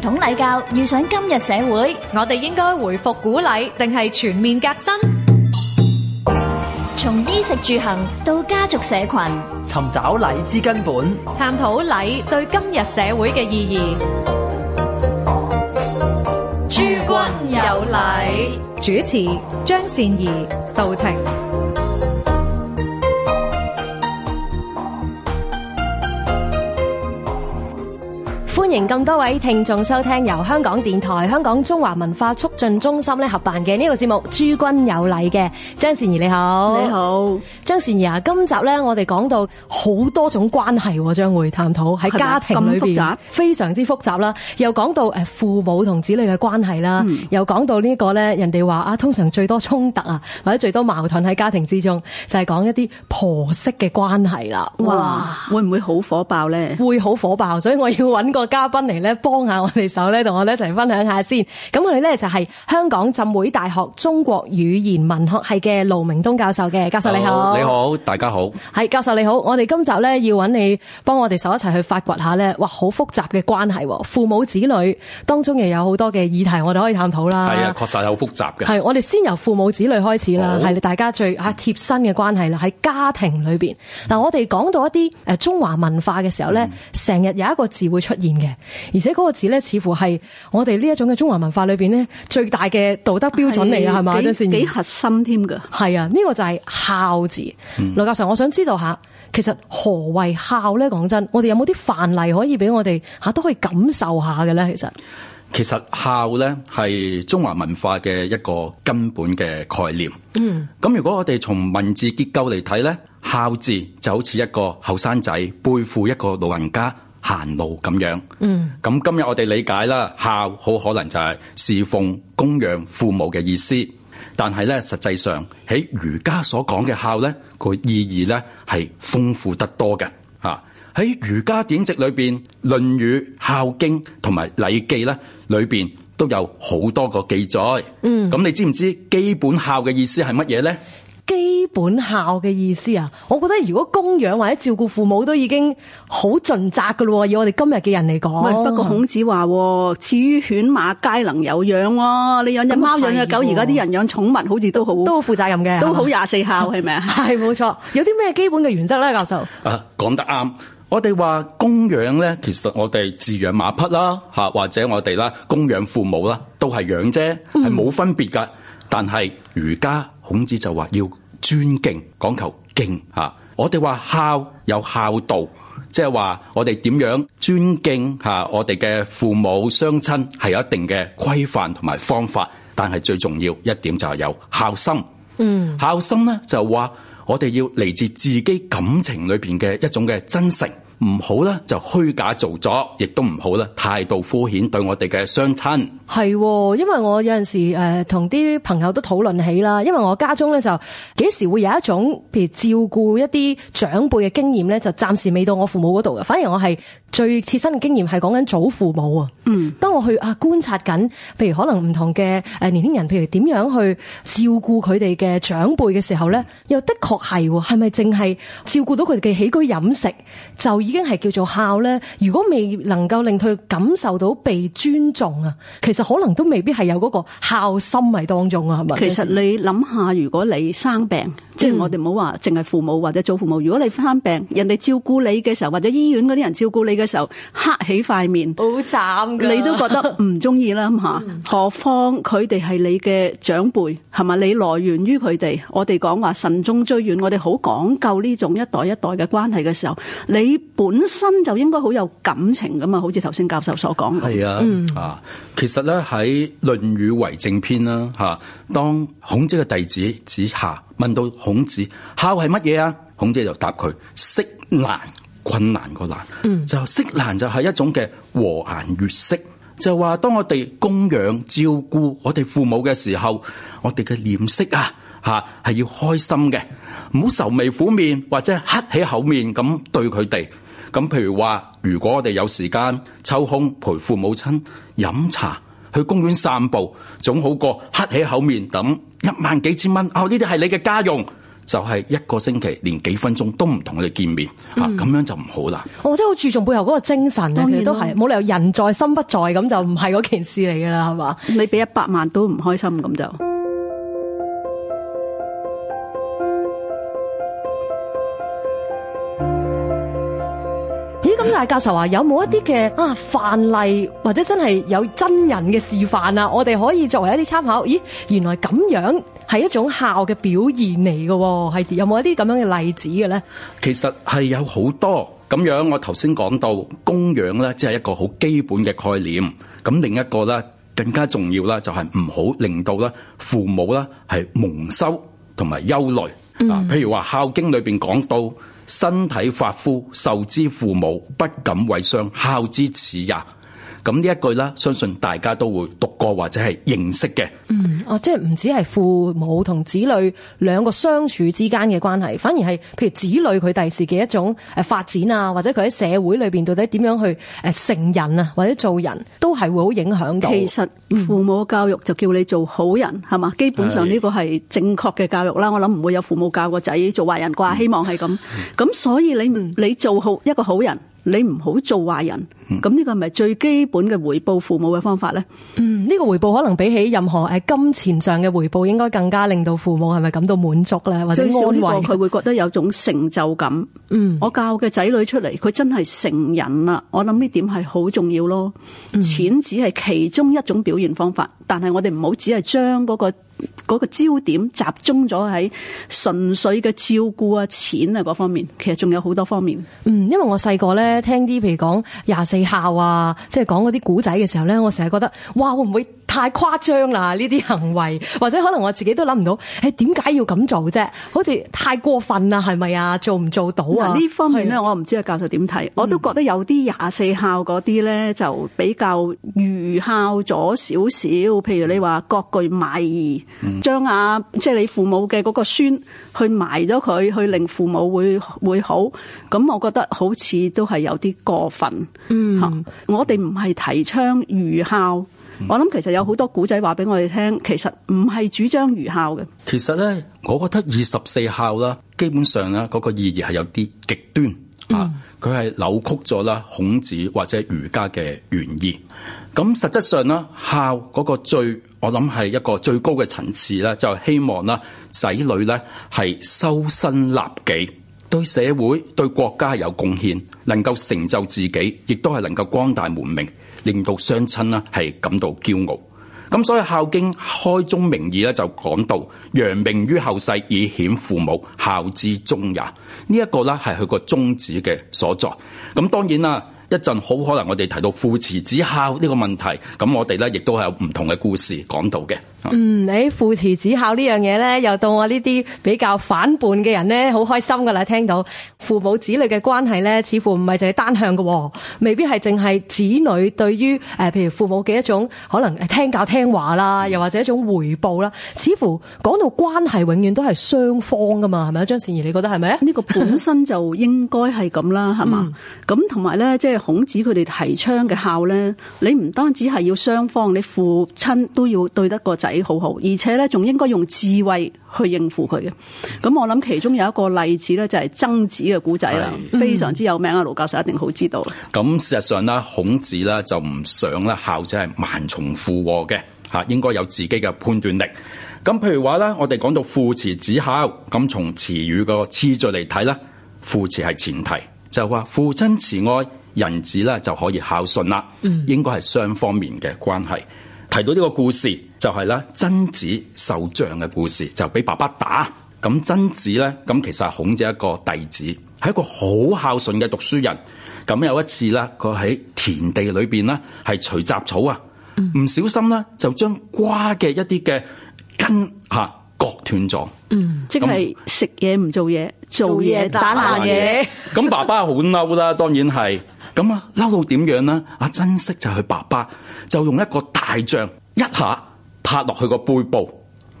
統禮教遇上今日社會，我哋應該恢復古禮定係全面革新？從衣食住行到家族社群，尋找禮之根本，探討禮對今日社會嘅意義。諸君有禮，主持張善儀到庭。歡迎咁多位聽眾收聽由香港電台、香港中華文化促進中心咧合辦嘅呢個節目《諸君有禮的》嘅。張善儀，你好，你好，張善儀啊！今集呢我哋講到好多種關係，將會探討喺家庭裏邊非常之複雜啦。又講到誒父母同子女嘅關係啦、嗯，又講到呢、這個呢，人哋話啊，通常最多衝突啊，或者最多矛盾喺家庭之中，就係、是、講一啲婆媳嘅關係啦。哇！會唔會好火爆呢？會好火爆，所以我要揾個家。嘉賓嚟咧，幫下我哋手咧，同我哋一齊分享下先。咁佢咧就係香港浸會大學中國語言文學系嘅盧鳴東教授嘅。教授你好，你好，大家好。係教授你好，我哋今集咧要揾你幫我哋手一齊去發掘下咧，哇，好複雜嘅關係。父母子女當中又有好多嘅議題，我哋可以探討啦。係啊，確實係好複雜嘅。係，我哋先由父母子女開始啦，係大家最啊貼身嘅關係啦，喺家庭裏邊。嗱、嗯，但我哋講到一啲誒中華文化嘅時候咧，成、嗯、日有一個字會出現嘅。而且嗰個字咧，似乎係我哋呢一種嘅中華文化裏邊咧，最大嘅道德標準嚟啦，係嘛？真善幾，幾核心添噶？係啊，呢、這個就係孝字。盧、嗯、教授，我想知道一下，其實何為孝咧？講真，我哋有冇啲範例可以俾我哋吓都可以感受一下嘅咧？其實，其實孝咧係中華文化嘅一個根本嘅概念。嗯，咁如果我哋從文字結構嚟睇咧，孝字就好似一個後生仔背負一個老人家。行路咁樣，咁、嗯、今日我哋理解啦，孝好可能就係侍奉供養父母嘅意思，但係咧實際上喺儒家所講嘅孝咧個意義咧係豐富得多嘅。吓喺儒家典籍裏邊《論語》《孝經》同埋《禮記》咧裏邊都有好多個記載，咁、嗯、你知唔知基本孝嘅意思係乜嘢咧？基本孝嘅意思啊，我覺得如果供養或者照顧父母都已經好盡責噶咯，以我哋今日嘅人嚟講。不過孔子話，至、嗯、於犬馬皆能有養、啊，你養隻貓養隻狗，而家啲人養寵物好似都好都負責任嘅，都好廿四孝係咪啊？係冇錯。有啲咩基本嘅原則咧，教授？啊，講得啱。我哋話供養咧，其實我哋飼養馬匹啦，吓或者我哋啦供養父母啦，都係養啫，係冇分別噶、嗯。但係儒家。孔子就話要尊敬，講求敬吓、啊。我哋話孝有孝道，即係話我哋點樣尊敬吓、啊、我哋嘅父母雙親，係有一定嘅規範同埋方法。但係最重要一點就係有孝心。嗯，孝心咧就話我哋要嚟自自己感情裏邊嘅一種嘅真誠。唔好咧，就虛假做作，亦都唔好咧，態度敷衍，對我哋嘅雙親。係、哦，因為我有陣時誒同啲朋友都討論起啦。因為我家中咧就幾時會有一種譬如照顧一啲長輩嘅經驗咧，就暫時未到我父母嗰度嘅。反而我係最切身嘅經驗係講緊祖父母啊。嗯，當我去啊觀察緊，譬如可能唔同嘅誒年輕人，譬如點樣去照顧佢哋嘅長輩嘅時候咧，又的確係係咪淨係照顧到佢哋嘅起居飲食，就要已經係叫做孝咧，如果未能夠令佢感受到被尊重啊，其實可能都未必係有嗰個孝心喺當中啊，係嘛？其實你諗下，如果你生病，嗯、即係我哋唔好話淨係父母或者做父母，如果你生病，人哋照顧你嘅時候，或者醫院嗰啲人照顧你嘅時候，黑起塊面，好慘，你都覺得唔中意啦吓。嗯、何況佢哋係你嘅長輩，係咪？你來源於佢哋，我哋講話慎終追遠，我哋好講究呢種一代一代嘅關係嘅時候，你。本身就應該好有感情噶嘛，好似頭先教授所講。係啊、嗯，啊，其實咧喺《論語為政篇》啦，吓，當孔子嘅弟子子夏問到孔子孝係乜嘢啊？孔子就答佢：色難，困難個難。就色難就係一種嘅和顏悅色，就話當我哋供養照顧我哋父母嘅時候，我哋嘅臉色啊，吓、啊、係要開心嘅，唔好愁眉苦面或者黑起口面咁對佢哋。咁譬如話，如果我哋有時間抽空陪父母親飲茶、去公園散步，總好過黑起口面等一萬幾千蚊。哦，呢啲係你嘅家用，就係、是、一個星期連幾分鐘都唔同佢哋見面啊，咁、嗯、樣就唔好啦。我真係好注重背後嗰個精神嘅，當然都係冇理由人在心不在咁，就唔係嗰件事嚟噶啦，係嘛？你俾一百萬都唔開心咁就。盧教授話有冇一啲嘅，啊範例或者真係有真人嘅示範啊？我哋可以作為一啲參考。咦，原來咁樣係一種孝嘅表現嚟嘅，係有冇一啲咁樣嘅例子嘅咧？其實係有好多咁樣我。我頭先講到供養咧，即係一個好基本嘅概念。咁另一個咧，更加重要喇，就係唔好令到咧父母咧係蒙羞同埋憂慮。嗱、嗯，譬如話孝經裏邊講到。身體髮膚，受之父母，不敢為傷，孝之始也。咁呢一句啦，相信大家都會讀過或者係認識嘅。嗯，哦、啊，即係唔止係父母同子女兩個相處之間嘅關係，反而係譬如子女佢第時嘅一種誒發展啊，或者佢喺社會裏邊到底點樣去誒成人啊，或者做人都係會好影響到。其實父母教育就叫你做好人，係、嗯、嘛？基本上呢個係正確嘅教育啦。我諗唔會有父母教個仔做壞人啩、嗯？希望係咁。咁、嗯、所以你唔，你做好一個好人，你唔好做壞人。咁呢個係咪最基本嘅回報父母嘅方法咧？嗯，呢個回報可能比起任何誒金錢上嘅回報，應該更加令到父母係咪感到滿足咧？或者安慰，最少呢個佢會覺得有種成就感。嗯，我教嘅仔女出嚟，佢真係成人啦。我諗呢點係好重要咯。錢只係其中一種表現方法，嗯、但係我哋唔好只係將嗰個嗰個焦點集中咗喺純粹嘅照顧啊、錢啊嗰方面。其實仲有好多方面。嗯，因為我細個咧聽啲譬如講廿四。校啊，即係講啲古仔嘅時候咧，我成日覺得，哇會唔會？太誇張啦！呢啲行為，或者可能我自己都諗唔到，誒點解要咁做啫？好似太過分啦，係咪啊？做唔做到啊？呢方面咧，我唔知阿教授點睇。嗯。我都覺得有啲廿四孝嗰啲咧，就比較愚孝咗少少。譬如你話郭巨埋兒，將啊，即係你父母嘅嗰個孫去埋咗佢，去令父母會會好。咁我覺得好似都係有啲過分。嗯， 我哋唔係提倡愚孝。我諗其實有好多古仔話俾我哋聽，嗯，其實唔係主張愚孝嘅。其實咧，我覺得二十四孝啦，基本上咧嗰個意義係有啲極端，嗯、啊，佢係扭曲咗啦孔子或者儒家嘅原意。咁實質上咧，孝嗰個最，我諗係一個最高嘅層次咧，就係，希望啦仔女咧係修身立己，對社會對國家有貢獻，能夠成就自己，亦都係能夠光大門明，令到雙親咧係感到驕傲，咁所以《孝經》開宗明義咧就講到揚名於後世，以顯父母，孝之終也。呢一個咧係佢個宗旨嘅所在。咁當然啦，一陣好可能我哋提到父慈子孝呢個問題，咁我哋咧亦都係有唔同嘅故事講到嘅。嗯，你、哎、父慈子孝呢樣嘢咧，又到我呢啲比較反叛嘅人咧，好開心噶啦，聽到父母子女嘅關係咧，似乎唔係淨係單向嘅，未必係淨係子女對於誒，譬如父母嘅一種可能聽教聽話啦，又或者一種回報啦，似乎講到關係，永遠都係雙方噶嘛，係咪啊？張善儀，你覺得係咪啊？呢、這個本身就應該係咁啦，係 嘛？咁同埋咧，即係孔子佢哋提倡嘅孝咧，你唔單止係要雙方，你父親都要對得個仔。睇好好，而且咧仲應該用智慧去應付佢嘅。咁我諗其中有一個例子咧，就係曾子嘅古仔啦，非常之有名啊。盧、嗯、教授一定好知道。咁事實上咧，孔子咧就唔想咧孝者係萬重負禍嘅，吓，應該有自己嘅判斷力。咁譬如話咧，我哋講到父慈子孝，咁從詞語個次序嚟睇咧，父慈係前提，就話父親慈愛，人子咧就可以孝順啦。嗯，應該係雙方面嘅關係。提到呢個故事就係啦，曾子受杖嘅故事，就俾、是、爸爸打。咁曾子咧，咁其實係孔子一個弟子，係一個好孝順嘅讀書人。咁有一次啦，佢喺田地裏邊啦，係除雜草啊，唔小心啦就將瓜嘅一啲嘅根吓割斷咗。嗯，啊、嗯即係食嘢唔做嘢，做嘢打爛嘢。咁爸爸好嬲啦，當然係。咁啊嬲到點樣呢？啊曾皙就係佢爸爸。就用一個大杖一下拍落去個背部，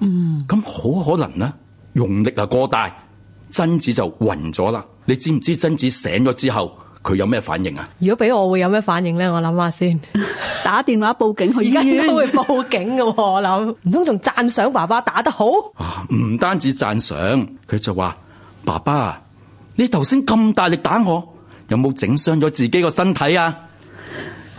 咁、嗯、好可能啦。用力啊過大，真子就暈咗啦。你知唔知真子醒咗之後佢有咩反應啊？如果俾我，我會有咩反應咧？我諗下先，打電話報警，去醫院都會報警㗎，我諗，唔通，仲讚賞爸爸打得好啊！唔單止讚賞，佢就話，爸爸，你頭先咁大力打我，有冇整傷咗自己個身體啊？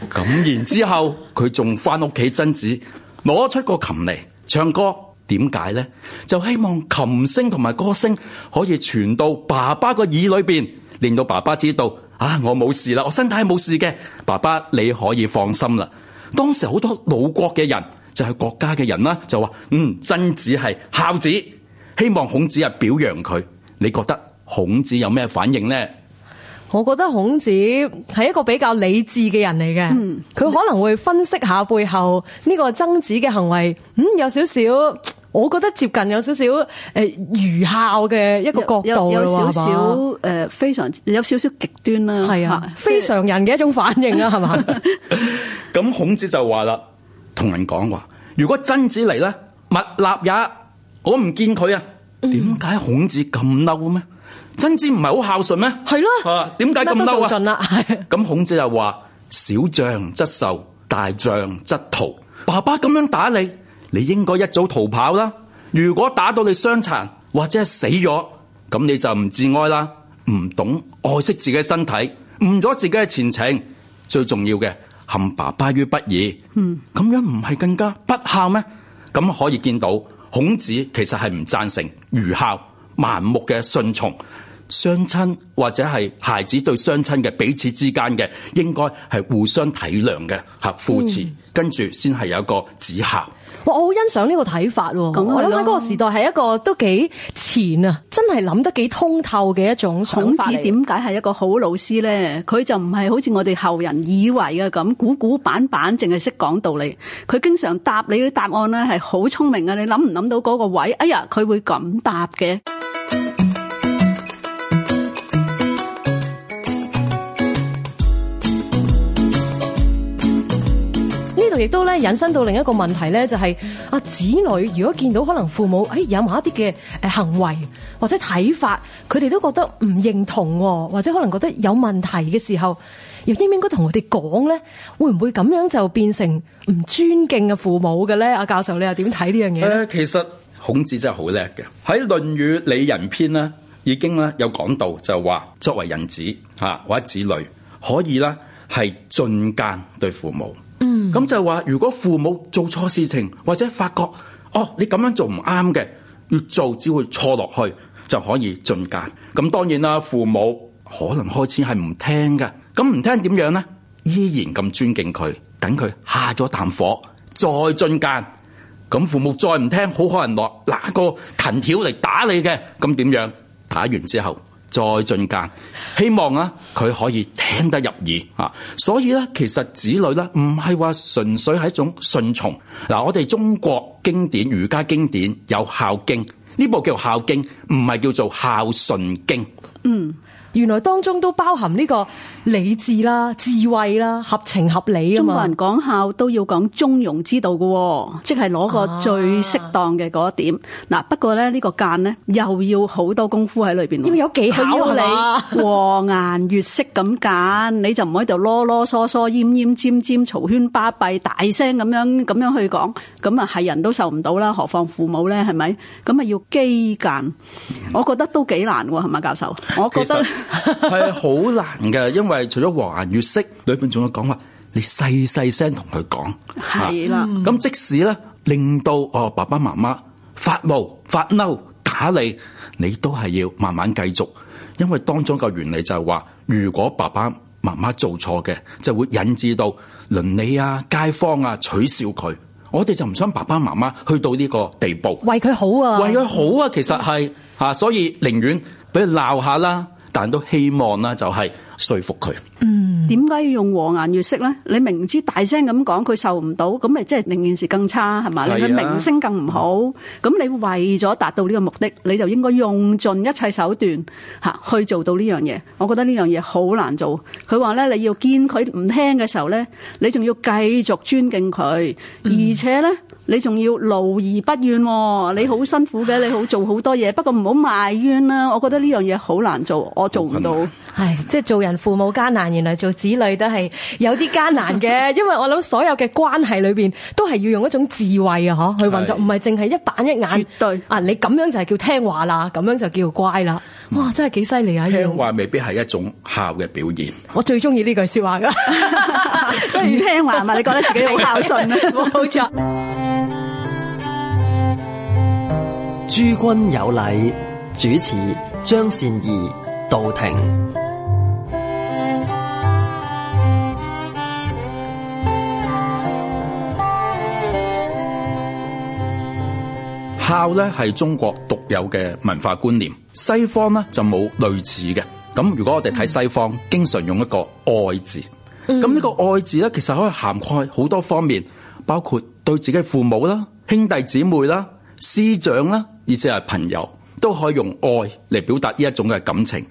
咁 然之後，佢仲翻屋企，曾子攞出個琴嚟唱歌，點解呢？就希望琴聲同埋歌聲可以傳到爸爸個耳裏面，令到爸爸知道啊！我冇事啦，我身體冇事嘅，爸爸你可以放心啦。當時好多魯國嘅人，就係、是、國家嘅人啦，就話：嗯，曾子係孝子，希望孔子啊表揚佢。你覺得孔子有咩反應呢？我覺得孔子係一個比較理智嘅人嚟嘅，佢、嗯、可能會分析下背後呢個曾子嘅行為，嗯，有少少，我覺得接近有少少誒愚、呃、孝嘅一個角度有，有，有少少誒、呃，非常有少少極端啦、啊，係啊，非常人嘅一種反應啦、啊，係嘛？咁 孔子就話啦，同人講話，如果曾子嚟咧，勿立也，我唔見佢啊，點解孔子咁嬲咩？曾子唔係好孝順咩？係咯，點解咁嬲啊？咁孔子又話：小杖則受，大杖則逃。爸爸咁樣打你，你應該一早逃跑啦。如果打到你傷殘或者係死咗，咁你就唔自愛啦，唔懂愛惜自己身體，誤咗自己嘅前程，最重要嘅陷爸爸於不義。嗯，咁樣唔係更加不孝咩？咁可以見到孔子其實係唔贊成愚孝。盲目嘅順從，雙親或者係孩子對雙親嘅彼此之間嘅應該係互相體諒嘅嚇，扶持、嗯、跟住先係有一個指孝。哇！我好欣賞呢個睇法，我諗喺嗰個時代係一個都幾前啊，真係諗得幾通透嘅一種法。孔子點解係一個好老師咧？佢就唔係好似我哋後人以為嘅咁古古板板，淨係識講道理。佢經常答你啲答案咧係好聰明嘅，你諗唔諗到嗰個位？哎呀，佢會咁答嘅。亦都咧引申到另一個問題咧，就係、是、阿子女如果見到可能父母誒有某一啲嘅誒行為或者睇法，佢哋都覺得唔認同，或者可能覺得有問題嘅時候，又應唔應該同佢哋講咧？會唔會咁樣就變成唔尊敬嘅父母嘅咧？阿教授，你又點睇呢樣嘢咧？其實孔子真係好叻嘅，喺《論語里仁篇》咧已經咧有講到，就話、是、作為人子啊或者子女可以咧係盡間對父母。嗯，咁就話如果父母做錯事情，或者發覺哦，你咁樣做唔啱嘅，要做只會錯落去，就可以進諫。咁當然啦，父母可能開始係唔聽嘅，咁唔聽點樣呢？依然咁尊敬佢，等佢下咗啖火再進諫。咁父母再唔聽，好可能落拿個藤條嚟打你嘅，咁點樣？打完之後？再進諫，希望啊佢可以聽得入耳啊，所以咧其實子女咧唔係話純粹係一種順從嗱。我哋中國經典，儒家經典有孝經，呢部叫孝經，唔係叫做孝順經，嗯。原來當中都包含呢個理智啦、智慧啦、合情合理啊嘛！中國人講孝都要講中庸之道噶，即係攞個最適當嘅嗰一點。嗱，不過咧呢個揀咧又要好多功夫喺裏邊，要有技巧啊！和顏悅色咁揀，你就唔喺度囉囉嗦嗦、奄奄尖尖、嘈喧巴閉、大聲咁樣咁樣去講，咁啊係人都受唔到啦，何況父母咧係咪？咁啊要機揀，我覺得都幾難喎，係咪教授？我覺得。係 好難嘅，因為除咗《和顏悅色》裏邊仲有講話，你細細聲同佢講係啦。咁、嗯、即使咧令到哦爸爸媽媽發怒、發嬲、打你，你都係要慢慢繼續，因為當中個原理就係話，如果爸爸媽媽做錯嘅，就會引致到鄰里啊、街坊啊取笑佢。我哋就唔想爸爸媽媽去到呢個地步，為佢好，啊、好啊，為佢好啊。其實係吓，所以寧願俾佢鬧下啦。但都希望啦，就係、是。說服佢，嗯，點解要用和顏悅色咧？你明知大聲咁講，佢受唔到，咁咪即係令件事更差係嘛？令佢、啊、名聲更唔好，咁、嗯、你為咗達到呢個目的，你就應該用盡一切手段吓去做到呢樣嘢。我覺得呢樣嘢好難做。佢話咧，你要見佢唔聽嘅時候咧，你仲要繼續尊敬佢、嗯，而且咧，你仲要勞而不怨、哦。你好辛苦嘅， 你好做好多嘢，不過唔好埋怨啦。我覺得呢樣嘢好難做，我做唔到。嗯係，即係做人父母艱難，原來做子女都係有啲艱難嘅。 因為我諗所有嘅關係裏邊，都係要用一種智慧啊，嗬，去運作，唔係淨係一板一眼。絕對啊，你咁樣就係叫聽話啦，咁樣就叫乖啦。哇，嗯，真係幾犀利啊！聽話未必係一種孝嘅表現。我最中意呢句說話噶，唔 聽話嘛，你覺得自己好孝順啊？冇 錯 。諸君有禮，主持張善儀，道庭。孝咧係中國獨有嘅文化觀念，西方咧就冇類似嘅。咁如果我哋睇西方，嗯，經常用一個愛字，咁、嗯、呢個愛字咧其實可以涵蓋好多方面，包括對自己父母啦、兄弟姊妹啦、師長啦，而且係朋友都可以用愛嚟表達呢一種嘅感情。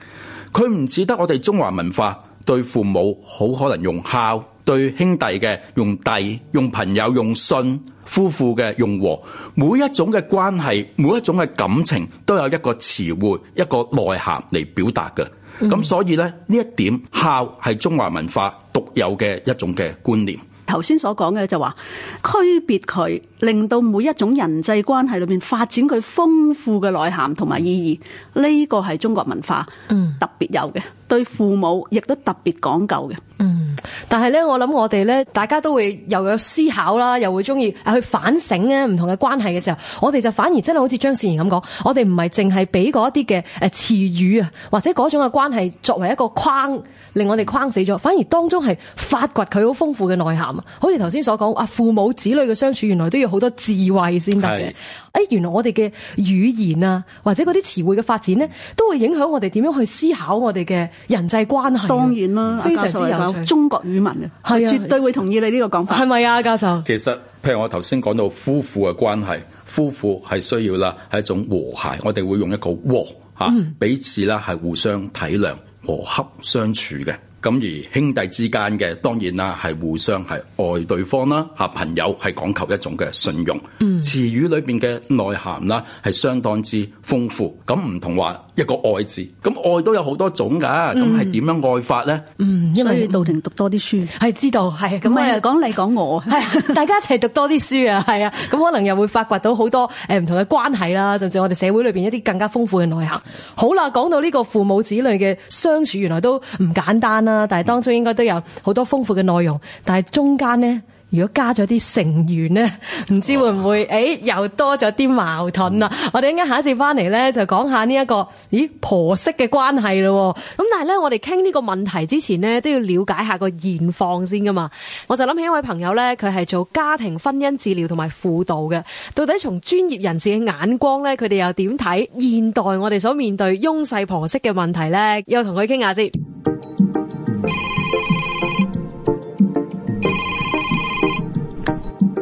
佢唔似得我哋中華文化對父母好可能用孝。對兄弟嘅用弟，用朋友用信；夫婦嘅用和，每一種嘅關係，每一種嘅感情，都有一個詞彙、一個內涵嚟表達嘅。咁、嗯、所以咧，呢一點孝係中華文化獨有嘅一種嘅觀念。頭先所講嘅就話區別佢，令到每一種人際關係裏面發展佢豐富嘅內涵同埋意義。呢個係中國文化特別有嘅。嗯對父母亦都特別講究嘅，嗯，但係呢，我諗我哋呢，大家都會又有思考啦，又會中意去反省呢唔同嘅關係嘅時候，我哋就反而真係好似張善宜咁講，我哋唔係淨係俾嗰一啲嘅誒詞語啊，或者嗰種嘅關係作為一個框，令我哋框死咗，反而當中係發掘佢好豐富嘅內涵。好似頭先所講啊，父母子女嘅相處，原來都要好多智慧先得嘅。誒、哎，原來我哋嘅語言啊，或者嗰啲詞彙嘅發展呢，都會影響我哋點樣去思考我哋嘅。人際關係當然啦、啊，非常之有，有中國語文嘅，係、啊、絕對會同意你呢個講法。係咪啊，教授？其實譬如我頭先講到夫婦嘅關係，夫婦係需要啦，係一種和諧，我哋會用一個和吓、嗯，彼此啦係互相體諒、和洽相處嘅。咁而兄弟之間嘅當然啦，係互相係愛對方啦吓。朋友係講求一種嘅信用，嗯，詞語裏邊嘅內涵啦，係相當之豐富。咁唔同話一個愛字，咁愛都有好多種㗎。咁係點樣愛法咧？嗯，因為道庭讀多啲書係知道係咁啊。講你講我係啊，大家一齊讀多啲書啊，係啊。咁 可能又會發掘到好多誒唔同嘅關係啦，甚至我哋社會裏邊一啲更加豐富嘅內涵。好啦，講到呢個父母子女嘅相處原來都唔簡單啦。但係當中應該都有好多豐富嘅內容，但係中間呢，如果加咗啲成員呢，唔知會唔會誒、欸、又多咗啲矛盾啦。我哋一陣下一次翻嚟呢，就講下呢一個咦婆媳嘅關係咯。咁但係呢，我哋傾呢個問題之前呢，都要了解下個現況先噶嘛。我就諗起一位朋友呢，佢係做家庭婚姻治療同埋輔導嘅。到底從專業人士嘅眼光呢，佢哋又點睇現代我哋所面對翁婿婆媳嘅問題呢，又同佢傾下先。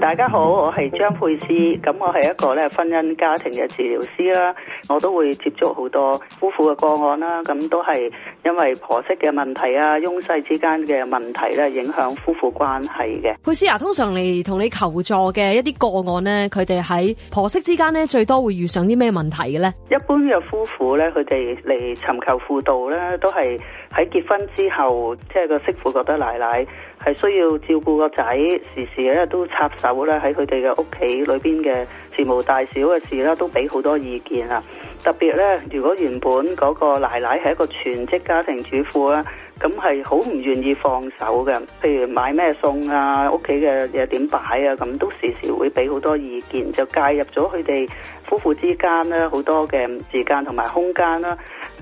大家好，我係張佩詩，咁我係一個咧婚姻家庭嘅治療師啦，我都會接觸好多夫婦嘅個案啦，咁都係因為婆媳嘅問題啊、翁婿之間嘅問題咧，影響夫婦關係嘅。佩詩啊，通常嚟同你求助嘅一啲個案呢，佢哋喺婆媳之間呢，最多會遇上啲咩問題嘅咧？一般嘅夫婦咧，佢哋嚟尋求輔導咧，都係。喺結婚之後，即係個媳婦覺得奶奶係需要照顧個仔，時時咧都插手咧喺佢哋嘅屋企裏邊嘅事無大小嘅事啦，都俾好多意見啦。特別咧，如果原本嗰個奶奶係一個全職家庭主婦啦，咁係好唔願意放手嘅。譬如買咩餸啊，屋企嘅嘢點擺啊，咁都時時會俾好多意見，就介入咗佢哋夫婦之間咧好多嘅時間同埋空間啦。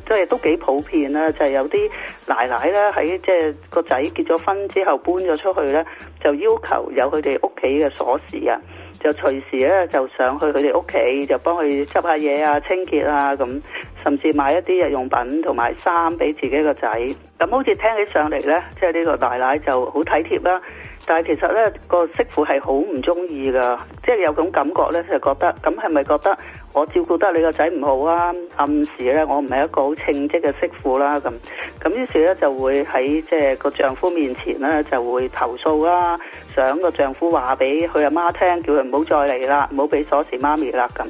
即係都幾普遍啦，就係有啲奶奶咧喺即係個仔結咗婚之後搬咗出去咧，就要求有佢哋屋企嘅鎖匙啊，就隨時咧就上去佢哋屋企就幫佢執下嘢啊、清潔啊咁，甚至買一啲日用品同埋衫俾自己個仔。咁好似聽起上嚟咧，即係呢個奶奶就好體貼啦。但係其實咧個媳婦係好唔中意噶，即係有種感覺咧，就覺得咁係咪覺得？我照顧得你個仔唔好啊，暗示咧我唔係一個好稱職嘅媳婦啦，咁咁於是咧就會喺即係個丈夫面前咧就會投訴啦，想個丈夫話俾佢阿媽聽，叫佢唔好再嚟啦，唔好俾鎖匙媽咪啦，咁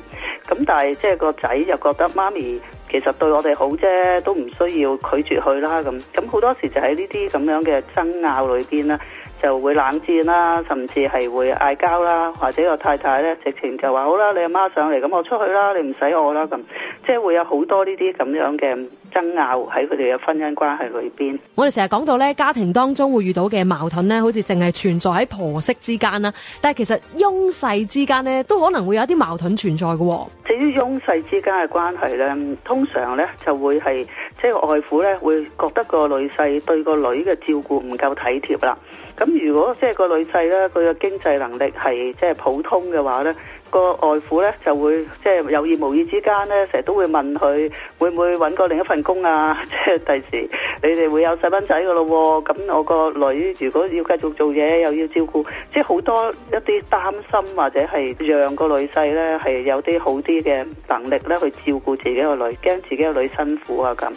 咁但係即係個仔又覺得媽咪其實對我哋好啫，都唔需要拒絕佢啦，咁咁好多時就喺呢啲咁樣嘅爭拗裏邊啦。就會冷戰啦，甚至係會嗌交啦，或者個太太呢直情就話好啦，你阿媽上嚟咁，我出去啦，你唔使我啦咁，即係會有好多呢啲咁樣嘅爭拗喺佢哋嘅婚姻關係裏邊。我哋成日講到呢，家庭當中會遇到嘅矛盾呢，好似淨係存在喺婆媳之間啦，但係其實翁婿之間呢，都可能會有一啲矛盾存在嘅。至於翁婿之間嘅關係呢，通常呢就會係即係外父呢會覺得個女婿對個女嘅照顧唔夠體貼啦。咁如果即係個女婿呢，佢嘅經濟能力係即係普通嘅話呢，個外父呢就會即係有意無意之間呢，成日都會問佢會唔會搵過另一份工啊？ 即係第時你哋會有細蚊仔噶咯，咁我個女如果要繼續做嘢，又要照顧，即係好多一啲擔心或者係讓個女婿呢係有啲好啲嘅能力呢去照顧自己個女，驚自己個女辛苦啊咁。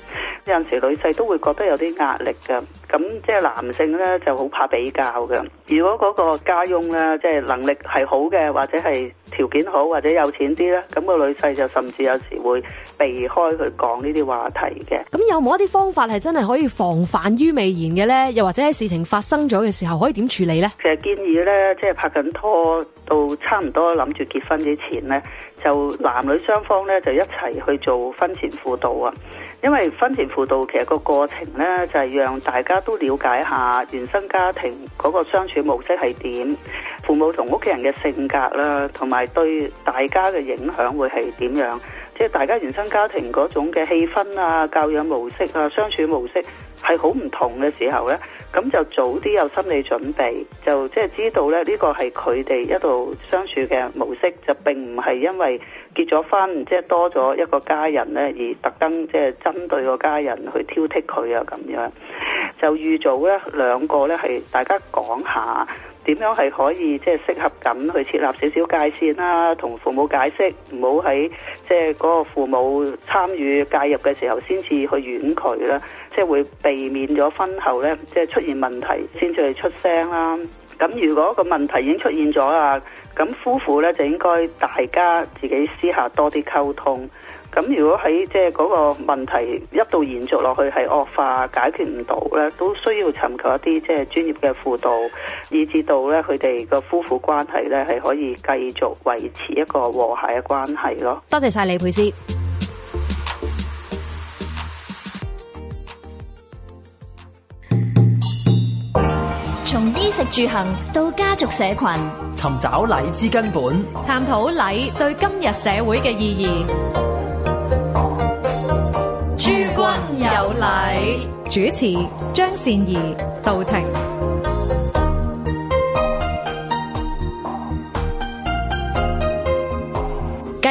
有陣時女婿都會覺得有啲壓力噶。咁即係男性咧就好怕比較嘅。如果嗰個家翁咧即係能力係好嘅，或者係條件好或者有錢啲咧，咁個女婿就甚至有時會避開佢講呢啲話題嘅。咁有冇一啲方法係真係可以防範於未然嘅呢？又或者事情發生咗嘅時候可以點處理呢？其實建議呢，即係拍緊拖到差唔多諗住結婚之前呢，就男女雙方咧就一齊去做婚前輔導啊。因為婚前輔導其實個過程呢，就係、是、讓大家都了解一下原生家庭嗰個相處模式係點，父母同屋企人嘅性格啦，同埋對大家嘅影響會係點樣，即、就、係、是、大家原生家庭嗰種嘅氣氛啊、教養模式啊、相處模式係好唔同嘅時候呢。咁就早啲有心理準備，就即係知道咧，呢個係佢哋一度相處嘅模式，就並唔係因為結咗婚，即係多咗一個家人咧，而特登即係針對個家人去挑剔佢啊咁樣，就預早咧兩個咧係大家講下。點樣係可以即係適合咁去設立少少界線啦，同父母解釋，唔好喺即係嗰個父母參與介入嘅時候，先至去遠佢啦。即係會避免咗婚後咧，即係出現問題先至去出聲啦。咁如果個問題已經出現咗啦，咁夫婦咧就應該大家自己私下多啲溝通。咁如果喺即係嗰個問題一度延續落去係惡化解決唔到咧，都需要尋求一啲即係專業嘅輔導，以至到咧佢哋個夫婦關係咧係可以繼續維持一個和諧嘅關係咯。多謝晒李佩斯。從衣食住行到家族社群，尋找禮之根本，探討禮對今日社會嘅意義。諸君有禮，主持張善儀到庭。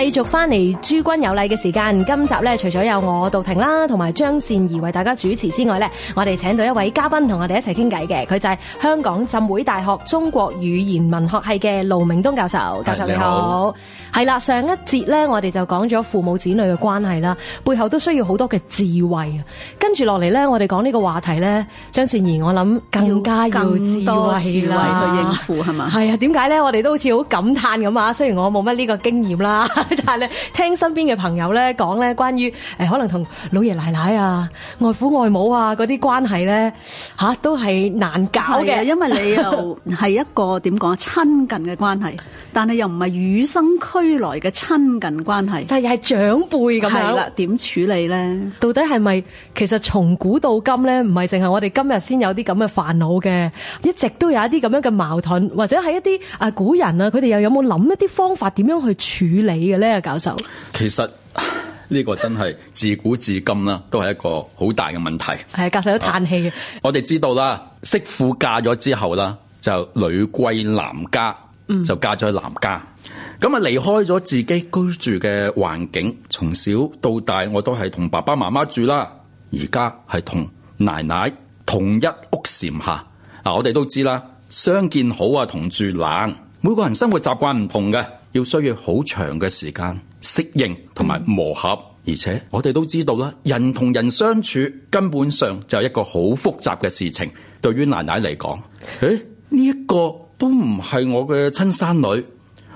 繼續翻嚟諸君有禮嘅時間，今集咧，除咗有我杜婷啦，同埋張善儀為大家主持之外咧，我哋請到一位嘉賓同我哋一齊傾偈嘅，佢就係香港浸會大學中國語言文學系嘅盧鳴東教授。教授你好，係啦，上一節咧我哋就講咗父母子女嘅關係啦，背後都需要好多嘅智慧。跟住落嚟咧，我哋講呢個話題咧，張善儀我諗更加要智慧去應付係嘛？係啊，點解咧？我哋都好似好感嘆咁啊！雖然我冇乜呢個經驗啦。但係咧，聽身邊嘅朋友咧講咧，關於誒可能同老爺奶奶啊、外父外母啊嗰啲關係咧，吓都係難搞嘅，因為你又係一個點講啊親近嘅關係，但係又唔係與生俱來嘅親近關係，但係又係長輩咁樣，點處理咧？到底係咪其實從古到今咧，唔係淨係我哋今日先有啲咁嘅煩惱嘅，一直都有一啲咁樣嘅矛盾，或者係一啲啊古人啊，佢哋又有冇諗一啲方法點樣去處理啊？呢教授，其實呢 個真係自古至今啦，都係一個好大嘅問題。係教授都嘆氣嘅。我哋知道啦，媳婦嫁咗之後啦，就女歸男家，就嫁咗去男家。咁、嗯、啊，離開咗自己居住嘅環境。從小到大，我都係同爸爸媽媽住啦。而家係同奶奶同一屋檐下。嗱，我哋都知啦，相見好啊，同住冷。每個人生活習慣唔同嘅。要需要好長嘅時間適應同埋磨合，嗯，而且我哋都知道啦，人同人相處根本上就係一個好複雜嘅事情。對於奶奶嚟講，誒呢一個都唔係我嘅親生女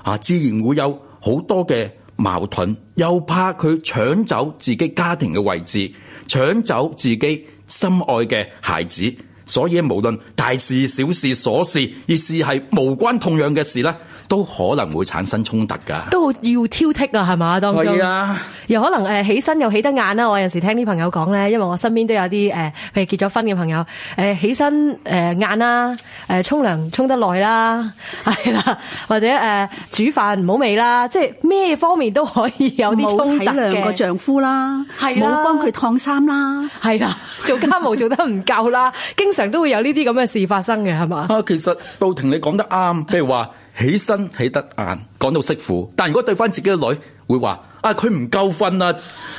啊，自然會有好多嘅矛盾，又怕佢搶走自己家庭嘅位置，搶走自己心愛嘅孩子。所以無論大事小事瑣事，亦是係無關痛癢嘅事咧，都可能會產生衝突噶。都要挑剔是是啊，係嘛，當然可以啦。又可能誒、呃，起身又起得晏啦。我有陣時候聽啲朋友講咧，因為我身邊都有啲誒，譬、呃、如結咗婚嘅朋友，誒、呃，起身誒晏啦，誒、呃，沖涼沖得耐啦，係啦，或者誒、呃，煮飯唔好味啦，即係咩方面都可以有啲衝突個丈夫啦，係啦，冇幫佢燙衫啦，係啦，做家務做得唔夠啦，經。 常都會有呢啲咁嘅事發生嘅，係嘛？啊，其實杜婷，道庭你講得啱。譬如話 起身起得晏，講到媳婦，但如果對翻自己嘅女，會話啊，佢唔夠瞓啦，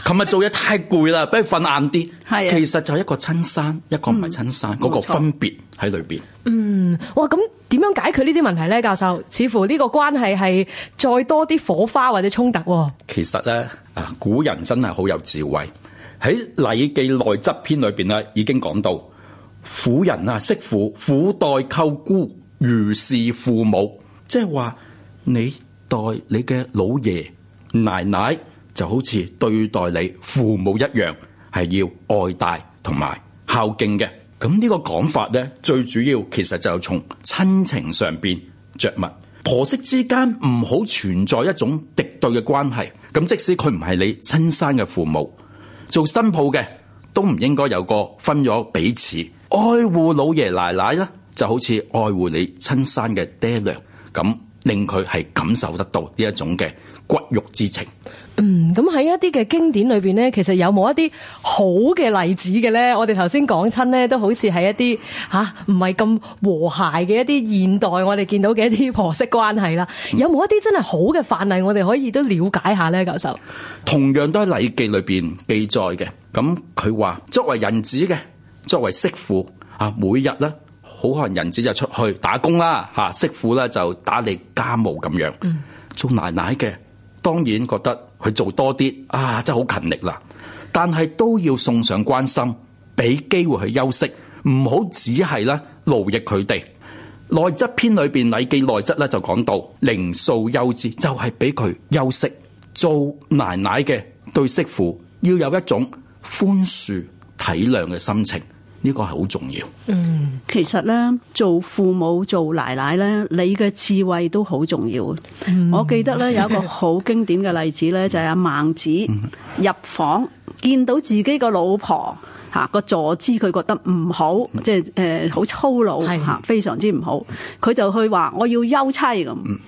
琴日做嘢太攰啦，俾佢瞓晏啲。係、啊，其實就是一個親生，一個唔係親生，嗰、嗯，那個分別喺裏邊。嗯，哇，咁點樣解決呢啲問題咧？教授，似乎呢個關係係再多啲火花或者衝突、啊。其實咧，啊，古人真係好有智慧，喺《禮記內則篇》裏邊咧已經講到。婦人啊，媳婦，婦待舅姑如是父母，即係話你待你嘅老爺奶奶就好似對待你父母一樣，係要愛戴同埋孝敬嘅。咁呢個講法咧，最主要其實就係從親情上邊着墨。婆媳之間唔好存在一種敵對嘅關係。咁即使佢唔係你親生嘅父母，做新抱嘅都唔應該有個分咗彼此。愛護老爺奶奶啦，就好似愛護你親生嘅爹娘咁，令佢係感受得到呢一種嘅骨肉之情。嗯，咁喺一啲嘅經典裏邊咧，其實有冇一啲好嘅例子嘅咧？我哋頭先講親咧，都好似係一啲吓唔係咁和諧嘅一啲現代，我哋見到嘅一啲婆媳關係啦，有冇一啲真係好嘅範例，我哋可以都了解下咧，教授？同樣都喺《禮記》裏邊記載嘅，咁佢話作為人子嘅。作為媳婦啊，每日咧好可能人子就出去打工啦，嚇媳婦咧就打理家務咁樣、嗯。做奶奶嘅當然覺得佢做多啲啊，真係好勤力啦。但係都要送上關心，俾機會去休息，唔好只係咧勞役佢哋。內則篇裏面，禮記內則咧就講到零素休止，就係俾佢休息。做奶奶嘅對媳婦要有一種寬恕體諒嘅心情。呢個係好重要。嗯，其實咧，做父母做奶奶咧，你嘅智慧都好重要。我記得咧有一個好經典嘅例子咧、嗯，就係、是、阿孟子入房、嗯、見到自己個老婆嚇個坐姿，佢覺得唔好，嗯、即係誒好粗魯嚇，非常之唔好，佢就去話我要休妻咁。嗯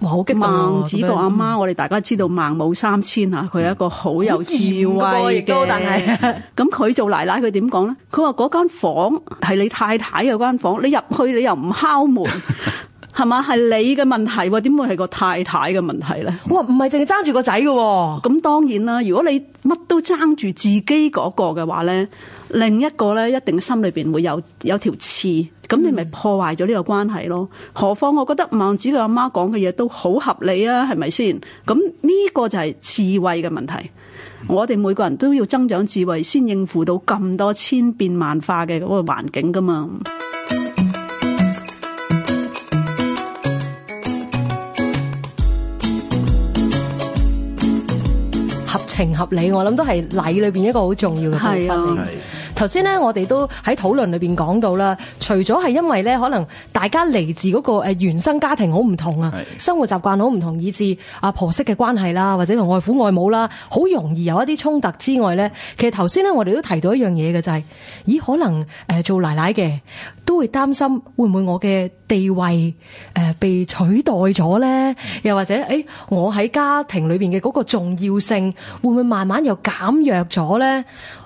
哇！好激動啊，嗯，孟子個阿媽，我哋大家知道孟母三遷啊，佢係一個好有智慧嘅。亦都但係咁佢做奶奶，佢點講咧？佢話嗰間房係你太太嘅間房，你入去你又唔敲門。 係嘛？係你嘅問題喎？點會係個太太嘅問題咧？我唔係淨係爭住個仔嘅喎。咁當然啦，如果你乜都爭住自己嗰個嘅話咧，另一個咧一定心裏邊會有有條刺。咁你咪破壞咗呢個關係咯，嗯。何況我覺得孟子佢阿媽講嘅嘢都好合理啊，係咪先？咁呢個就係智慧嘅問題。我哋每個人都要增長智慧，先應付到咁多千變萬化嘅嗰個環境噶嘛。情合理，我諗都係禮裏邊一個好重要嘅部分。頭先咧，我哋都喺討論裏邊講到啦，除咗係因為咧，可能大家嚟自嗰個誒原生家庭好唔同啊，生活習慣好唔同以，以至阿婆媳嘅關係啦，或者同外父外母啦，好容易有一啲衝突之外咧，其實頭先咧，我哋都提到一樣嘢嘅就係、是，咦可能誒做奶奶嘅都會擔心會唔會我嘅地位誒被取代咗咧，又或者誒、欸、我喺家庭裏邊嘅嗰個重要性會唔會慢慢又減弱咗咧？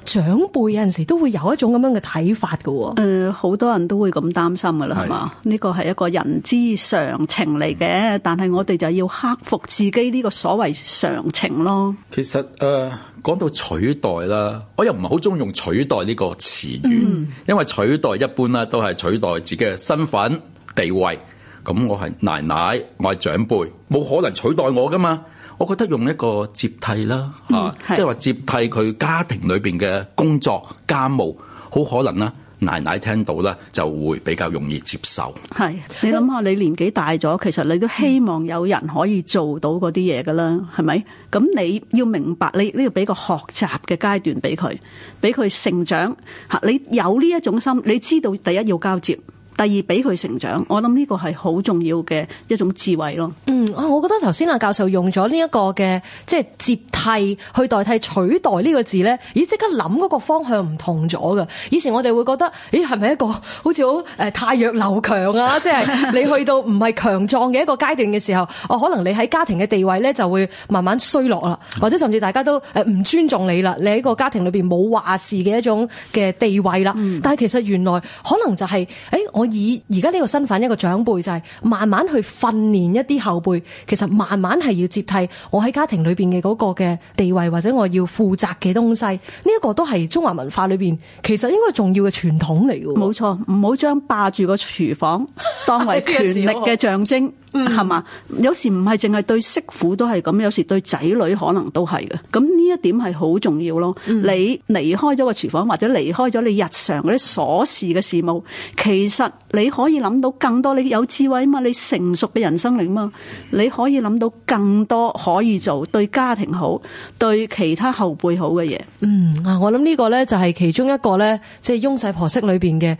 長輩有陣時都會有一種咁樣嘅睇法嘅喎、哦，好、呃、多人都會咁擔心嘅啦，係嘛？呢個係一個人之常情嚟嘅、嗯，但係我哋就要克服自己呢個所謂常情咯。其實誒講、呃、到取代啦，我又唔係好鍾意用取代呢個詞語、嗯，因為取代一般咧都係取代自己嘅身份地位。咁我係奶奶，我係長輩，冇可能取代我噶嘛。我覺得用一個接替啦，啊，即係話接替佢家庭裏面嘅工作、家務，好可能啦。奶奶聽到咧就會比較容易接受。係你諗下，你年紀大咗，嗯，其實你都希望有人可以做到嗰啲嘢噶啦，係咪？咁你要明白，你都要俾個學習嘅階段俾佢，俾佢成長嚇。你有呢一種心，你知道第一要交接。第二俾佢成長，我諗呢個係好重要嘅一種智慧咯。嗯，啊，我覺得頭先阿教授用咗呢一個嘅即係接替去代替取代呢個字呢，咦，即刻諗嗰個方向唔同咗噶。以前我哋會覺得，咦，係咪一個好似好、呃、汰弱留強啊？ 即係你去到唔係強壯嘅一個階段嘅時候，哦、呃，可能你喺家庭嘅地位呢就會慢慢衰落啦，或者甚至大家都誒唔尊重你啦，你喺個家庭裏面冇話事嘅一種嘅地位啦、嗯。但係其實原來可能就係、是欸，我。以而家呢個身份一個長輩，就係、是、慢慢去訓練一啲後輩。其實慢慢係要接替我喺家庭裏邊嘅嗰個嘅地位，或者我要負責嘅東西。呢、這、一個都係中華文化裏邊，其實應該重要嘅傳統嚟噶。冇錯，唔好將霸住個廚房當為權力嘅象徵。 是嗯，係嘛？有時唔係淨係對媳婦都係咁，有時對仔女可能都係嘅。咁呢一點係好重要咯，嗯。你離開咗個廚房，或者離開咗你日常啲瑣事嘅事務，其實你可以諗到更多。你有智慧啊嘛，你成熟嘅人生嚟啊嘛，你可以諗到更多可以做對家庭好、對其他後輩好嘅嘢。嗯，啊，我諗呢個咧就係其中一個咧，就是，即係翁婿婆媳裏邊嘅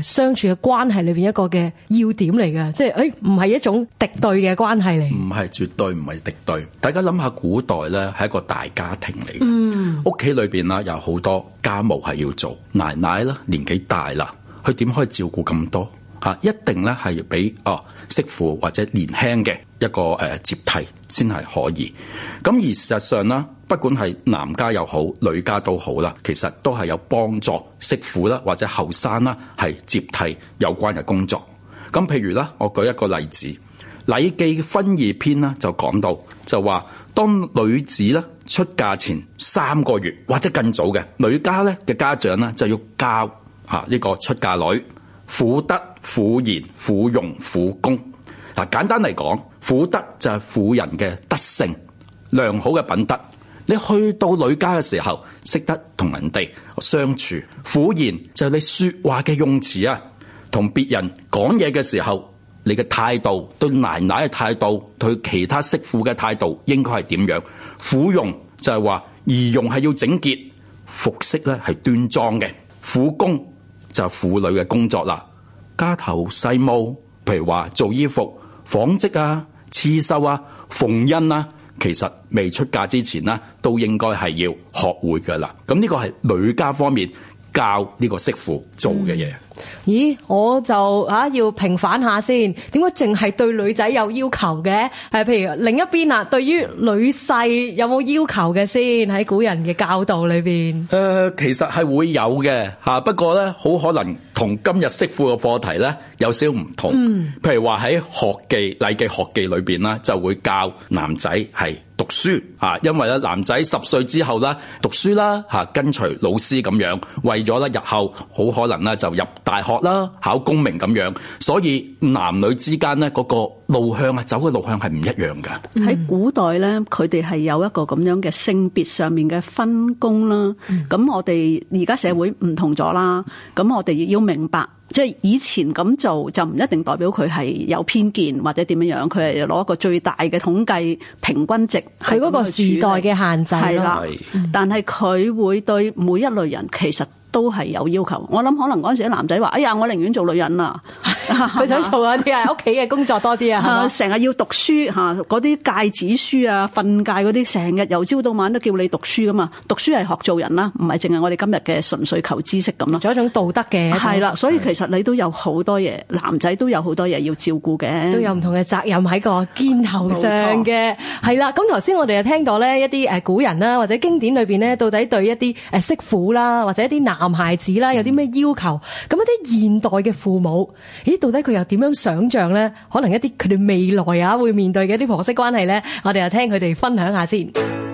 誒相處嘅關係裏邊一個嘅要點嚟嘅，即係誒唔係一種。敵對嘅關係嚟，唔係絕對唔係敵對。大家諗下古代咧，係一個大家庭嚟嘅，屋、mm. 企裏邊啦，有好多家務係要做。奶奶啦，年紀大啦，佢點可以照顧咁多？吓，一定咧係要俾哦，媳婦或者年輕嘅一個誒接替先係可以。咁而事實上啦，不管係男家又好，女家都好啦，其實都係有幫助媳婦啦，或者後生啦，係接替有關嘅工作。咁譬如啦，我舉一個例子。禮記婚儀篇啦，就講到就話，當女子咧出嫁前三個月或者更早嘅女家咧嘅家長咧就要教啊呢、這個出嫁女，婦德、婦言、婦容、婦功。嗱、啊、簡單嚟講，婦德就係婦人嘅德性、良好嘅品德。你去到女家嘅時候，識得同人哋相處。婦言就係你説話嘅用詞啊，同別人講嘢嘅時候。你嘅態度，對奶奶嘅態度，對其他媳婦嘅態度應該係點樣？婦容就係話儀容係要整潔，服飾咧係端莊嘅。婦工就係、是、婦女嘅工作啦，家頭細務，譬如話做衣服、紡織啊、刺繡啊、縫紉啊，其實未出嫁之前呢，都應該係要學會嘅啦。咁呢個係女家方面。教呢個媳婦做嘅嘢、嗯？咦，我就嚇、啊、要平反下先，點解淨係對女仔有要求嘅？誒、啊，譬如另一邊啊，對於女婿有冇要求嘅先？喺古人嘅教導裏邊，誒、呃，其實係會有嘅嚇。不過咧，好可能同今日媳婦嘅課題咧有少唔同、嗯。譬如話喺學記禮記學記裏邊啦，就會教男仔係，讀書啊，因為咧男仔十歲之後咧讀書啦，吓跟隨老師咁樣，為咗咧日後好可能咧就入大學啦，考功名咁樣，所以男女之間咧嗰個路向啊，走嘅路向係唔一樣噶。喺古代咧，佢哋係有一個咁樣嘅性別上面嘅分工啦。咁、嗯、我哋而家社會唔同咗啦，咁、嗯、我哋亦要明白。即係以前咁做，就唔一定代表佢係有偏見或者點樣樣，佢係攞一個最大嘅統計平均值，佢嗰個時代嘅限制係啦、嗯。但係佢會對每一類人其實。都係有要求，我諗可能嗰陣時啲男仔話，哎呀，我寧願做女人啦、啊，佢 想做一啲喺屋企嘅工作多啲啊！成 日要讀書嚇，嗰啲誡子書啊、訓誡嗰啲，成日由朝到晚都叫你讀書噶嘛。讀書係學做人啦，唔係淨係我哋今日嘅純粹求知識咁咯。仲有一種道德嘅，係啦，所以其實你都有好多嘢， 男仔都有好多嘢要照顧嘅，都有唔同嘅責任喺個肩頭上嘅。係啦，咁頭先我哋又聽到咧一啲古人啦，或者經典裏面咧，到底對一啲誒媳婦啦，或者一啲男。男孩子啦，有啲咩要求？咁一啲現代嘅父母，咦，到底佢又點樣想像咧？可能一啲佢哋未來啊會面對嘅一啲婆媳關係咧，我哋又聽佢哋分享下先。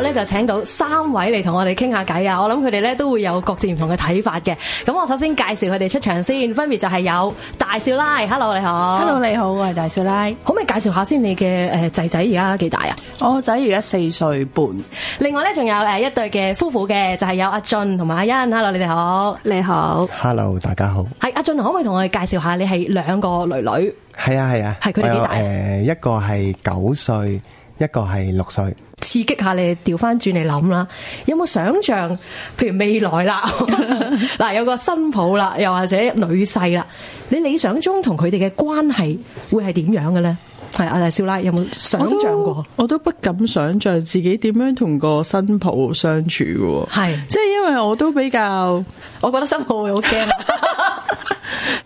我咧就請到三位嚟同我哋傾下偈啊！我諗佢哋咧都會有各自唔同嘅睇法嘅。咁我首先介紹佢哋出場先，分別就係有大少奶，hello 你好，hello 你好，我係大少奶。可唔可以介紹下先你嘅誒仔仔而家幾大啊？我仔而家四歲半。另外咧仲有誒一對嘅夫婦嘅，就係、是、有阿俊同埋阿欣，hello 你哋好，你好，hello 大家好。係阿俊，可唔可以同我哋介紹下你係兩個囡囡？係啊係啊，係佢哋幾大？誒、呃、一個係九歲。一個係六歲。刺激下你調翻轉嚟諗啦，有冇想象譬如未來啦，嗱， 有個新抱啦，又或者女婿啦，你理想中同佢哋嘅關係會係點樣嘅咧？係啊，少奶，有冇想象過我，我都不敢想象自己點樣同個新抱相處嘅，係，即係因為我都比較。我覺得心抱會好驚，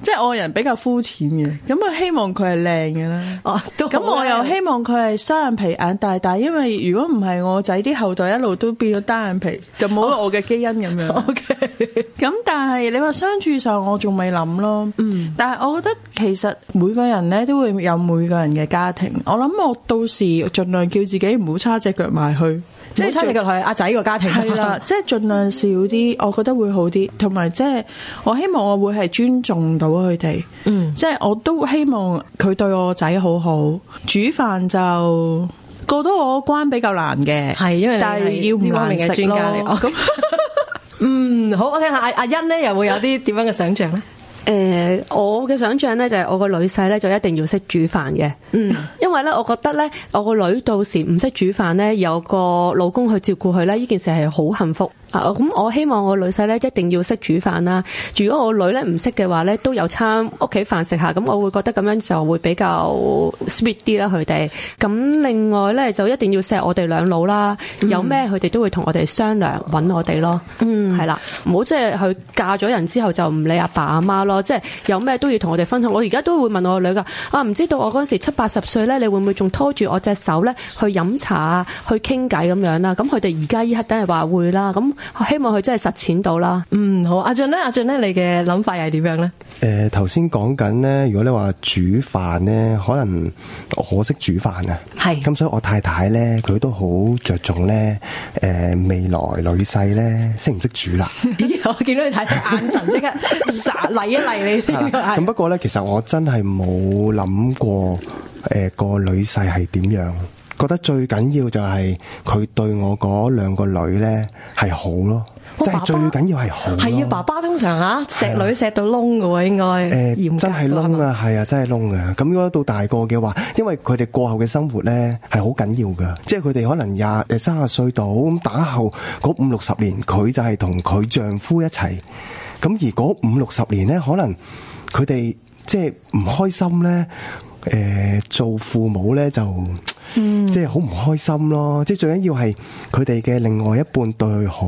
即係我人比較膚淺嘅，咁我希望佢係靚嘅啦。哦，咁、啊、我又希望佢係雙眼皮眼大大，因為如果唔係，我仔啲後代一路都變咗單眼皮，就冇我嘅基因咁、哦、樣。O K，咁但係你話相處上，我仲未諗咯。嗯，但係我覺得其實每個人咧都會有每個人嘅家庭。我諗我到時盡量叫自己唔好叉隻腳埋去。即係差你個佢阿仔個家庭係啦，即係盡量少啲，我覺得會好啲。同埋即係，我希望我會係尊重到佢哋。嗯，即係我都希望佢對我仔好好。煮飯就過到我關比較難嘅，係因為你是但係要唔難食咯。哦、 嗯，好，我聽下阿阿欣咧，又會有啲點樣嘅想象？咧。誒、呃，我嘅想象咧就係我個女婿咧就一定要識煮飯嘅，嗯， 因為咧我覺得咧我個女到時唔識煮飯咧，有個老公去照顧佢咧，呢件事係好幸福。咁、啊、我希望我女婿咧一定要識煮飯啦。如果我女咧唔識嘅話咧，都有餐屋企飯食下，咁我會覺得咁樣就會比較 sweet 啲啦佢哋。咁另外咧就一定要錫我哋兩老啦，有咩佢哋都會同我哋商量揾我哋咯。嗯，係啦，唔好即係佢嫁咗人之後就唔理阿爸阿媽咯，即係有咩都要同我哋分享。我而家都會問我女㗎，啊唔知道我嗰時七八十歲咧，你會唔會仲拖住我隻手咧去飲茶去傾偈咁樣啦？咁佢哋而家依刻梗係話會啦，咁。我希望佢真係實踐到啦。嗯，好。阿俊咧，阿俊咧，你嘅諗法係點樣咧？誒、呃，頭先講緊咧，如果你話煮飯咧，可能我識煮飯啊。係。咁所以，我太太咧，佢都好着重咧，誒、呃，未來女婿咧，識唔識煮啦 我見到你睇眼神煞煞，即刻煞嚟一嚟你先。咁不過咧，其實我真係冇諗過，誒、呃，個女婿係點樣。覺得最緊要就係佢對我嗰兩個女咧係好咯，即係最緊要係好係要爸爸通常吓錫女錫到窿嘅喎。應該誒真係窿啊，係啊，真係窿嘅咁。如果到大個嘅話，因為佢哋過後嘅生活咧係好緊要噶，即係佢哋可能廿誒三十歲到咁打後嗰五六十年，佢就係同佢丈夫一齊咁。而嗰五六十年咧，可能佢哋即係唔開心咧，誒做父母咧就。嗯即是，即係好唔開心咯，即係最緊要係佢哋嘅另外一半對佢好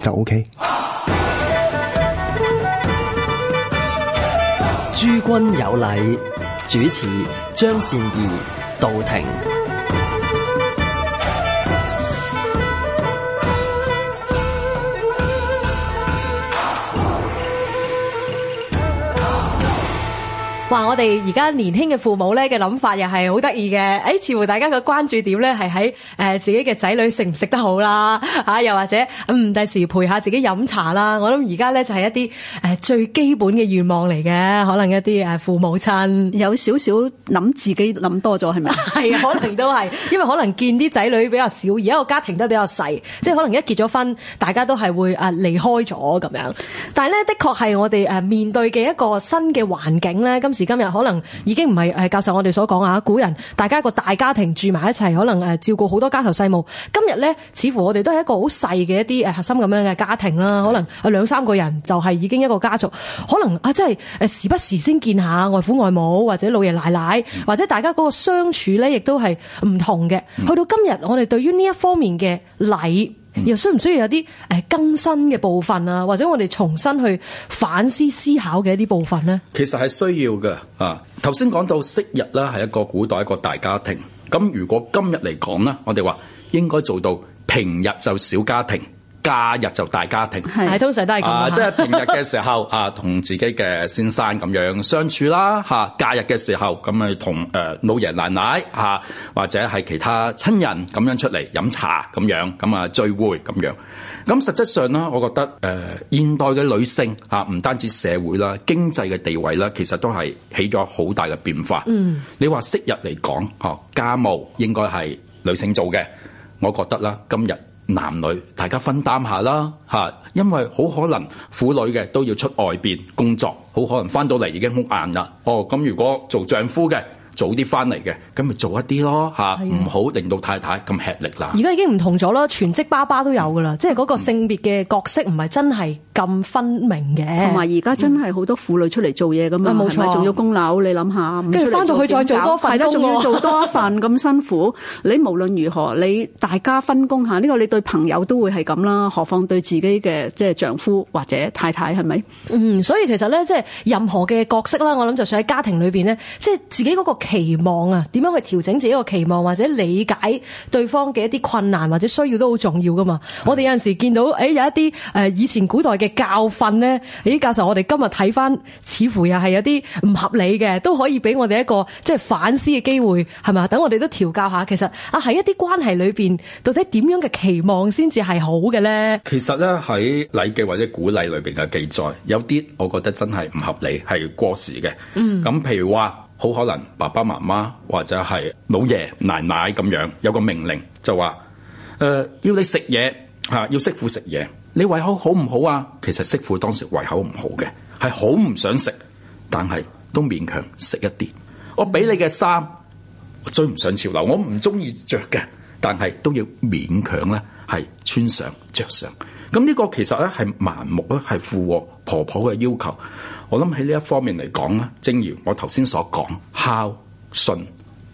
就 O、OK、K。諸君有禮，主持張善儀道庭。話我哋而家年輕嘅父母咧嘅諗法又係好得意嘅，誒似乎大家嘅關注點咧係喺誒自己嘅仔女食唔食得好啦，嚇又或者嗯第時陪下自己飲茶啦。我諗而家咧就係一啲誒最基本嘅願望嚟嘅，可能一啲誒父母親有少少諗自己諗多咗係咪啊？係啊，可能都係，因為可能見啲仔女比較少，而家個家庭都比較細，即係可能一結咗婚，大家都係會誒離開咗咁樣。但係咧，的確係我哋誒面對嘅一個新嘅環境咧，今時。今日可能已經唔係誒教授我哋所講啊，古人大家一個大家庭住埋一齊，可能誒照顧好多家頭細務。今日呢，似乎我哋都係一個好細嘅一啲核心咁樣嘅家庭啦。可能兩三個人就係已經一個家族，可能啊，即係誒時不時先見下外父外母或者老爺奶奶，或者大家嗰個相處呢，亦都係唔同嘅。去到今日，我哋對於呢一方面嘅禮。嗯、又需唔需要有啲誒更新嘅部分啊，或者我哋重新去反思思考嘅一啲部分咧？其實係需要嘅啊。頭先講到昔日啦，係一個古代一個大家庭。咁如果今日嚟講啦，我哋話應該做到平日就小家庭，假日就大家庭。係通常都係咁，即係平日嘅時候啊，同自己嘅先生咁樣相處啦，吓假日嘅時候咁啊，同誒老爺奶奶吓，或者係其他親人咁樣出嚟飲茶咁樣，咁啊聚會咁樣。咁實質上咧，我覺得誒現代嘅女性吓，唔單止社會啦、經濟嘅地位啦，其實都係起咗好大嘅變化。嗯，你話昔日嚟講，哦家務應該係女性做嘅，我覺得啦今日。男女大家分擔下啦吓，因為好可能婦女嘅都要出外邊工作，好可能返到嚟已經好晏啦。哦，咁如果做丈夫嘅，早啲翻嚟嘅，咁咪做一啲咯吓，唔、啊、好令到太太咁吃力啦。而家已經唔同咗咯，全職爸爸都有噶啦、嗯，即係嗰個性別嘅角色唔係真係咁分明嘅。同、嗯、埋而家真係好多婦女出嚟做嘢噶嘛，冇錯仲要供樓？你諗下，跟住翻到去再做多份係咯，仲要做多一份咁辛苦。 你無論如何，你大家分工下，呢、呢個你對朋友都會係咁啦，何況對自己嘅即係丈夫或者太太係咪？嗯，所以其實咧，即係任何嘅角色啦，我諗就算喺家庭裏邊咧，即係自己嗰、嗰個。期望啊，點樣去調整自己個期望，或者理解對方嘅一啲困難或者需要都好重要噶嘛。嗯、我哋有陣時見到，誒、欸、有一啲誒、呃、以前古代嘅教訓咧，誒，盧教授我哋今日睇翻，似乎又係有啲唔合理嘅，都可以俾我哋一個即係反思嘅機會，係嘛？等我哋都調教下。其實啊，喺一啲關係裏邊到底點樣嘅期望先至係好嘅咧？其實咧喺禮記或者古禮裏邊嘅記載有啲我覺得真係唔合理，係過時嘅。嗯，咁譬如話。好可能爸爸媽媽或者係老爺奶奶咁樣有個命令就話，誒、呃、要你食嘢嚇，要媳婦食嘢。你胃口好唔好啊？其實媳婦當時胃口唔好嘅，係好唔想食，但係都勉強食一啲。我俾你嘅衫追唔上潮流，我唔中意着嘅，但係都要勉強咧，係穿上着上。咁呢個其實咧係盲目咧，係附和。婆婆嘅要求，我諗喺呢一方面嚟講咧，正如我頭先所講，孝順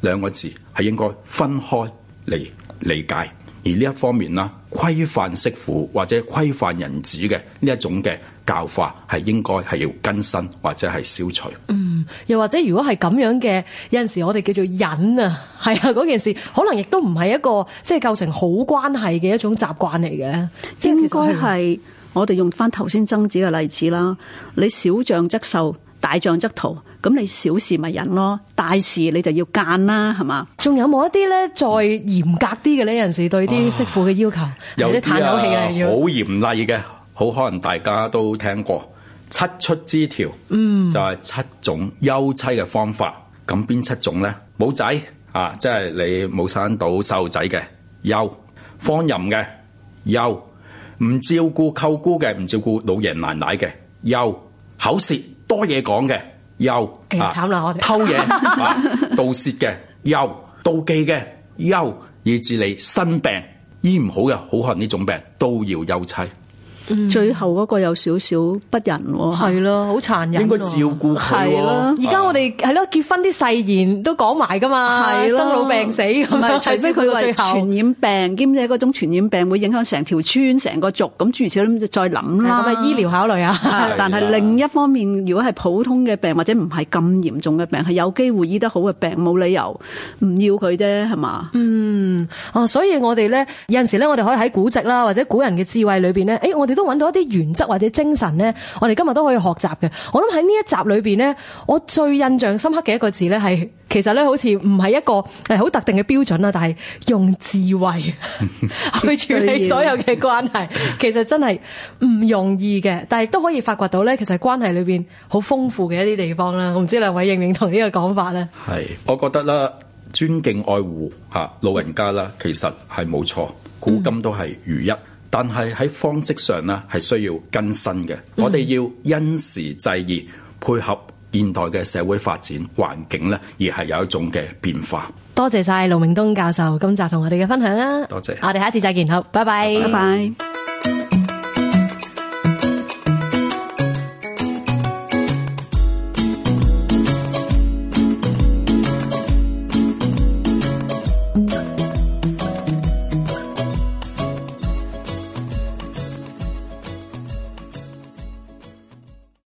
兩個字係應該分開嚟理解。而呢一方面啦，規範媳婦或者規範人子嘅呢一種嘅教化，係應該係要更新或者係消除。嗯，又或者如果係咁樣嘅，有陣時我哋叫做忍啊，係啊嗰件事，可能亦都唔係一個即係構成好關係嘅一種習慣嚟嘅，應該係。我哋用翻頭先曾子嘅例子啦，你小象則受，大象則逃，咁你小事咪忍咯，大事你就要間啦，係嘛？仲有冇一啲咧，再嚴格啲嘅咧？人士對啲媳婦嘅要求、啊、是是些有啲嘆口氣嘅，好嚴厲嘅，好可能大家都聽過七出之條，嗯，就係、是、七種休妻嘅方法。咁邊七種咧？冇仔啊，即係你冇生到細路仔嘅休，放淫嘅休。方唔照顧舅姑嘅，唔照顧老爺奶奶嘅，又口舌多嘢講嘅，又、哎啊、慘啦偷嘢，盜竊嘅，又妒忌嘅，又以至你生病醫唔好嘅，好恨呢種病都要休妻。嗯、最後嗰個有少少不仁喎，係咯，好殘忍，啊。應該照顧佢。係咯，而家我哋係咯，結婚啲誓言都講埋噶嘛，係咯，生老病死咁。唔係，除非佢為傳染病，兼且嗰種傳染病會影響成條村、成個族，咁諸如此類，咁就再諗啦。係咪醫療考慮啊？但係另一方面，如果係普通嘅病，或者唔係咁嚴重嘅病，係有機會醫得好嘅病，冇理由唔要佢啫，係嘛？嗯，哦，所以我哋咧有陣時咧，我哋可以喺古籍啦，或者古人嘅智慧裏邊咧，誒，我哋。都揾到一啲原則或者精神呢，我哋今日都可以學習嘅。我諗喺呢一集裏邊呢，我最印象深刻嘅一個字呢，係其實呢，好似唔係一個誒好特定嘅標準啦，但係用智慧 去處理所有嘅關係， 其實真係唔容易嘅。但係都可以發掘到呢，其實關係裏邊好豐富嘅一啲地方啦。我唔知兩位認唔認同呢個講法呢？係，我覺得啦，尊敬愛護吓老人家啦，其實係冇錯，古今都係如一。嗯但係喺方式上咧，係需要更新嘅。我哋要因時制宜，配合現代嘅社會發展環境咧，而係有一種嘅變化。多謝晒盧鳴東教授今集同我哋嘅分享啦。多謝，我哋下次再見。好，拜拜。拜拜。Bye bye